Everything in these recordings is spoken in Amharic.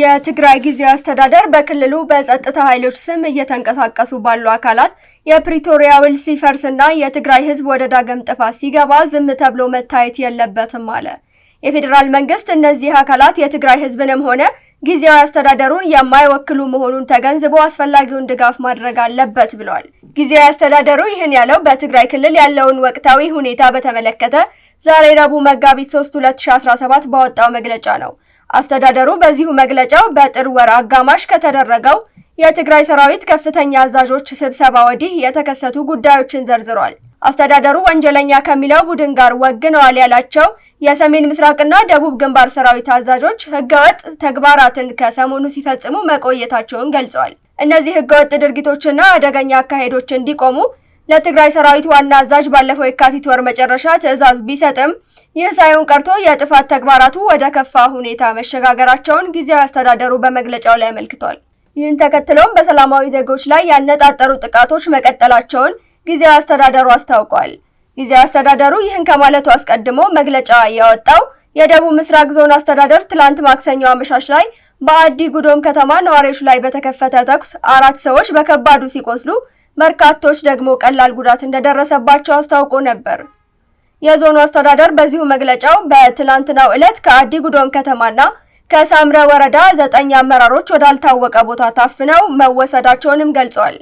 የትግራይ ጊዜያዊ አስተዳደር በክልሉ በጸጥታ ኃይሎች ስም እየተንቀሳቀሱ ባሉ አካላት የፕሪቶሪያ ውል ሲፈርስና የትግራይ ህዝብ ወደ ዳግም ጥፋት ሲገባ ዝም ተብሎ መታየት የለበትም አለ። የፌዴራል መንግስት እነዚህ አካላት የትግራይ ህዝብንም ሆነ ጊዜያዊ አስተዳደሩን የማይወክሉ መሆኑን ተገንዝቦ አስፈላጊውን ድጋፍ ማድረግ አለበት ብሏል። ጊዜያዊ አስተዳደሩ ይህን ያለው በትግራይ ክልል ያለውን ወቅታዊ ሁኔታ በተመለከተ ዛሬ ረቡዕ መጋቢት 3 2017 ባወጣው መግለጫ ነው። አስተዳደሩ በዚሁ መግለጫው በጥር ወር አጋማሽ ከተደረገው የትግራይ ሰራዊት ከፍተኛ አዛዦች ስብሰባ ወዲህ የተከሰቱ ጉዳዮችን ዘርዝሯል። አስተዳደሩ ወንጀለኛ ከሚለው ቡድን ጋር ወግነዋል ያላቸው የሰሜን ምስራቅና ደቡብ ግንባር ሰራዊት አዛዦች ህገወጥ ተግባራትን ከሰሞኑ ሲፈጽሙ መቆየታቸውን ገልጸዋል። እነዚህ ህገወጥ ድርጊቶችና አደገኛ አካሄዶች እንዲቆሙ ለትግራይ ሰራዊት ዋና አዛዥ ባለፈው የካቲት ወር መጨረሻ ትዕዛዝ ቢሰጥም ይህ ሳይሆን ቀርቶ የጥፋት ተግባራቱ ወደ ከፋ ሁኔታ መሸጋገራቸውን ጊዜያዊ አስተዳደሩ በመግለጫው ላይ አመልክቷል። ይህን ተከትሎም በሰላማዊ ዜጎች ላይ ያነጣጠሩ ጥቃቶች መቀጠላቸውን ጊዜያዊ አስተዳደሩ አስታውቋል። ጊዜያዊ አስተዳደሩ ይህን ከማለቱ አስቀድሞ መግለጫ ያወጣው የደቡብ ምስራቅ ዞን አስተዳደር ትላንት ማክሰኞ አመሻሽ ላይ በአዲ ጉዶም ከተማ ነዋሪዎች ላይ በተከፈተ ተኩስ አራት ሰዎች በከባዱ ሲቆስሉ በርካቶች ደግሞ ቀላል ጉዳት እንደደረሰባቸው አስታውቆ ነበር። የዞኑ አስተዳደር በዚሁ መግለጫው በትናንትናው ዕለት ከአዲ ጉዶም ከተማና ከሳምረ ወረዳ ዘጠኝ አመራሮች ወዳልታወቀ ቦታ ታፍነው መወሰዳቸውንም ገልጿል።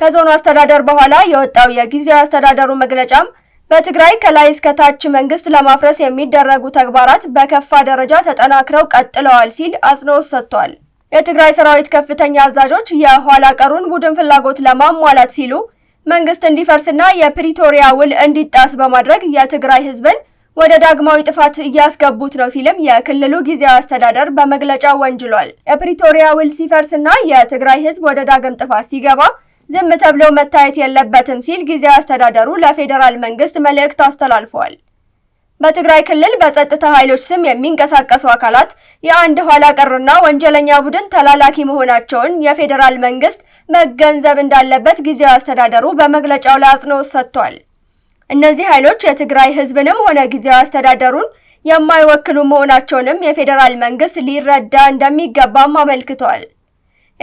ከዞኑ አስተዳደር በኋላ የወጣው የጊዜያዊ አስተዳደሩ መግለጫም በትግራይ ከላይ እስከ ታች መንግስት ለማፍረስ የሚደረጉ ተግባራት በከፋ ደረጃ ተጠናክረው ቀጥለዋል ሲል አጽንኦት ሰጥቷል። የትግራይ ሰራዊት ከፍተኛ አዛዦች የኋላ ቀሩን ቡድን ፍላጎት ለማሟላት ሲሉ መንግስት እንዲፈርስና የፕሪቶሪያ ውል እንዲጣስ በማድረግ የትግራይ ህዝብን ወደ ዳግማዊ ጥፋት እያስገቡት ነው ሲልም የክልሉ ጊዜያዊ አስተዳደር በመግለጫ ወንጅሏል። የፕሪቶሪያ ውል ሲፈርስና የትግራይ ህዝብ ወደ ዳግም ጥፋት ሲገባ ዝም ተብሎ መታየት የለበትም ሲል ጊዜያዊ አስተዳደሩ ለፌዴራል መንግስት መልእክት አስተላልፏል። በትግራይ ክልል በጸጥታ ኃይሎች ስም የሚንቀሳቀሱ አካላት የአንድ ኋላ ቀርና ወንጀለኛ ቡድን ተላላኪ መሆናቸውን የፌዴራል መንግስት መገንዘብ እንዳለበት ጊዜያዊ አስተዳደሩ በመግለጫው ላይ አጽንኦት ሰጥቷል። እነዚህ ኃይሎች የትግራይ ህዝብንም ሆነ ጊዜያዊ አስተዳደሩን የማይወክሉ መሆናቸውንም የፌዴራል መንግስት ሊረዳ እንደሚገባም አመልክቷል።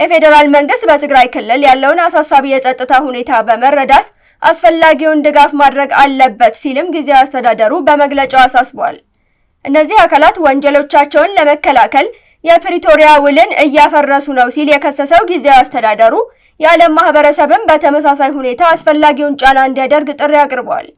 የፌዴራል መንግስት በትግራይ ክልል ያለውን አሳሳቢ የጸጥታ ሁኔታ በመረዳት አስፈላጊውን ድጋፍ ማድረግ አለበት ሲልም ጊዜያዊ አስተዳደሩ በመግለጫው አሳስቧል። እነዚህ አካላት ወንጀሎቻቸውን ለመከላከል የፕሪቶሪያ ውልን እያፈረሱ ነው ሲል የከሰሰው ጊዜያዊ አስተዳደሩ የዓለም ማህበረሰብም በተመሳሳይ ሁኔታ አስፈላጊውን ጫና እንዲያደርግ ጥሪ አቅርቧል።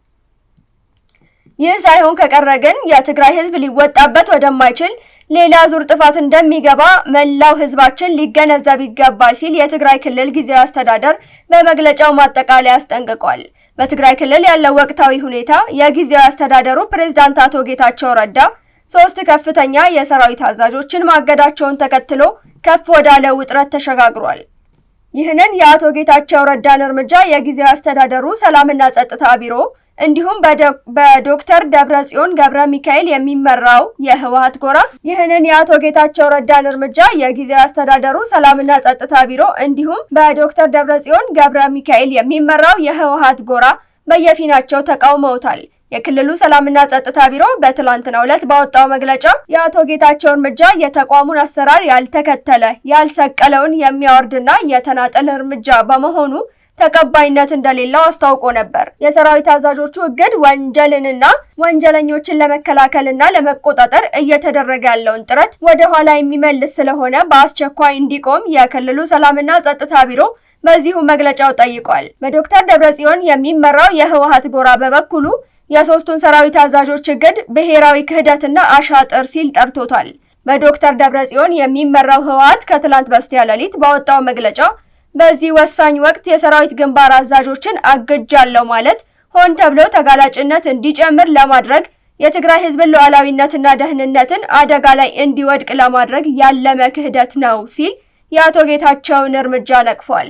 ይህ ሳይሆን ከቀረ ግን የትግራይ ህዝብ ሊወጣበት ወደማይችል ሌላ ዙር ጥፋት እንደሚገባ መላው ህዝባችን ሊገነዘብ ይገባል ሲል የትግራይ ክልል ጊዜያዊ አስተዳደር በመግለጫው ማጠቃለያ አስጠንቅቋል። በትግራይ ክልል ያለው ወቅታዊ ሁኔታ የጊዜያዊ አስተዳደሩ ፕሬዝዳንት አቶ ጌታቸው ረዳ ሶስት ከፍተኛ የሰራዊት አዛዦችን ማገዳቸውን ተከትሎ ከፍ ወዳለ ውጥረት ተሸጋግሯል። ይህንን የአቶ ጌታቸው ረዳን እርምጃ የጊዜያዊ አስተዳደሩ ሰላምና ጸጥታ ቢሮ እንዲሁም በዶክተር ደብረጽዮን ገብረ ሚካኤል የሚመራው የህወሀት ጎራ ይህንን የአቶ ጌታቸው ረዳን እርምጃ የጊዜያዊ አስተዳደሩ ሰላምና ጸጥታ ቢሮ እንዲሁም በዶክተር ደብረጽዮን ገብረ ሚካኤል የሚመራው የህወሀት ጎራ በየፊናቸው ተቃውመውታል። የክልሉ ሰላምና ጸጥታ ቢሮ በትላንትናው ዕለት ባወጣው መግለጫ የአቶ ጌታቸው እርምጃ የተቋሙን አሰራር ያልተከተለ ያልሰቀለውን የሚያወርድና የተናጠል እርምጃ በመሆኑ ተቀባይነት እንደሌለው አስታውቆ ነበር። የሰራዊት አዛዦቹ እግድ ወንጀልንና ወንጀለኞችን ለመከላከልና ለመቆጣጠር እየተደረገ ያለውን ጥረት ወደ ኋላ የሚመልስ ስለሆነ በአስቸኳይ እንዲቆም የክልሉ ሰላምና ጸጥታ ቢሮ በዚሁ መግለጫው ጠይቋል። በዶክተር ደብረጽዮን የሚመራው የህወሓት ጎራ በበኩሉ የሶስቱን ሰራዊት አዛዦች እግድ ብሔራዊ ክህደትና አሻጥር ሲል ጠርቶታል። በዶክተር ደብረጽዮን የሚመራው ህወሓት ከትላንት በስቲያ ሌሊት ባወጣው መግለጫ በዚህ ወሳኝ ወቅት የሰራዊት ግንባር አዛዦችን አግጃለሁ ማለት ሆን ተብሎ ተጋላጭነት እንዲጨምር ለማድረግ የትግራይ ህዝብ ሉዓላዊነትና ደህንነትን አደጋ ላይ እንዲወድቅ ለማድረግ ያለመ ክህደት ነው ሲል የአቶ ጌታቸውን እርምጃ ነቅፏል።